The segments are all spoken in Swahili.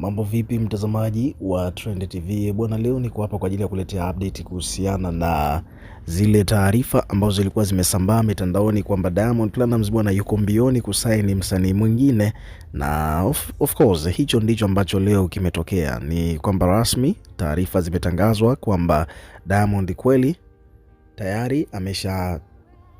Mambo vipi mtazamaji wa Trend TV bwana, leo niko hapa kwa ajili ya kuletea update kuhusiana na zile taarifa ambazo zilikuwa zimesambaa mitandaoni kwamba Diamond Platnumz bwana yuko mbioni kusaini msanii mwingine, na of, of course hicho ndicho ambacho leo kimetokea. Ni kwamba rasmi taarifa zimetangazwa kwamba Diamond kweli tayari amesha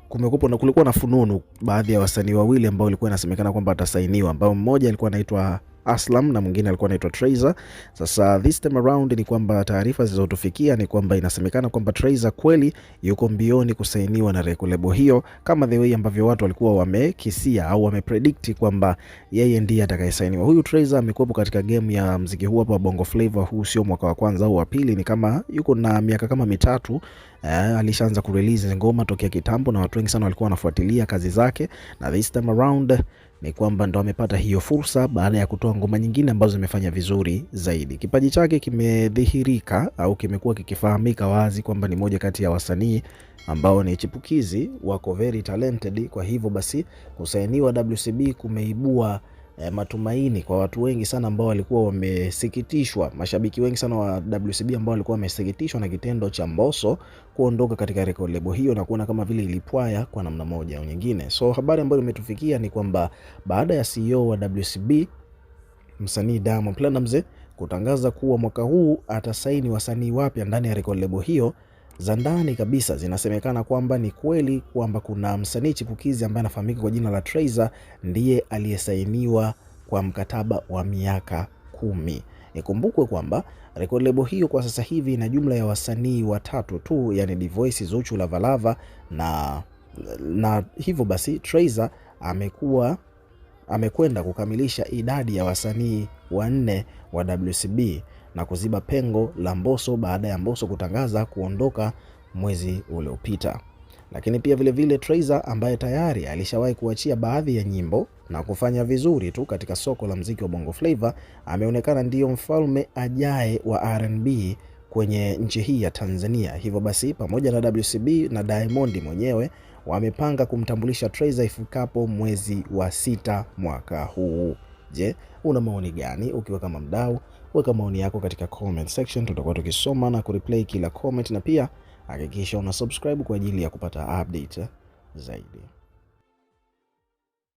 kumekuwa na kulikuwa na fununu baadhi ya wasanii wawili ambao ilikuwa inasemekana kwamba atasainiwa, ambao mmoja alikuwa anaitwa Aslam na mwingine alikuwa anaitwa Traizer. Sasa this time around ni kwamba taarifa zilizotufikia ni kwamba inasemekana kwamba Traizer kweli yuko mbioni kusainiwa na rekolebo hiyo, kama the way ambavyo watu walikuwa wamekisia au wamepredict kwamba yeye ndiye atakayesainiwa. Huyu Traizer amekuwepo katika game ya mziki huu hapa Bongo Flava, huu sio mwaka wa kwanza au wa pili, ni kama yuko na miaka kama mitatu Uh, alishaanza kurelease ngoma tokea kitambo, na watu wengi sana walikuwa wanafuatilia kazi zake na this time around ni kwamba ndo amepata hiyo fursa baada ya kutoa ngoma nyingine ambazo zimefanya vizuri zaidi. Kipaji chake kimedhihirika au kimekuwa kikifahamika wazi kwamba ni moja kati ya wasanii ambao ni chipukizi, wako very talented. Kwa hivyo basi kusainiwa WCB kumeibua Eh, matumaini kwa watu wengi sana ambao walikuwa wamesikitishwa, mashabiki wengi sana wa WCB ambao walikuwa wamesikitishwa na kitendo cha Mbosso kuondoka katika record label hiyo na kuona kama vile ilipwaya kwa namna moja au nyingine. So habari ambayo imetufikia ni kwamba baada ya CEO wa WCB msanii Diamond Platnumz kutangaza kuwa mwaka huu atasaini wasanii wapya ndani ya record label hiyo za ndani kabisa zinasemekana kwamba ni kweli kwamba kuna msanii chipukizi ambaye anafahamika kwa jina la Trayzor ndiye aliyesainiwa kwa mkataba wa miaka kumi. Ikumbukwe kwamba record label hiyo kwa sasa hivi ina jumla ya wasanii watatu tu, yani Dvoice, Zuchu, Lavalava na, na hivyo basi Trayzor amekuwa amekwenda kukamilisha idadi ya wasanii wanne wa WCB na kuziba pengo la Mbosso baada ya Mbosso kutangaza kuondoka mwezi uliopita. Lakini pia vilevile Trayzor ambaye tayari alishawahi kuachia baadhi ya nyimbo na kufanya vizuri tu katika soko la mziki wa Bongo Flava ameonekana ndiyo mfalme ajaye wa R&B kwenye nchi hii ya Tanzania. Hivyo basi pamoja na WCB na Diamond mwenyewe wamepanga kumtambulisha Trayzor ifikapo mwezi wa sita mwaka huu. Je, una maoni gani? Ukiwa kama mdau, weka maoni yako katika comment section, tutakuwa tukisoma na kureplay kila comment, na pia hakikisha una subscribe kwa ajili ya kupata update zaidi.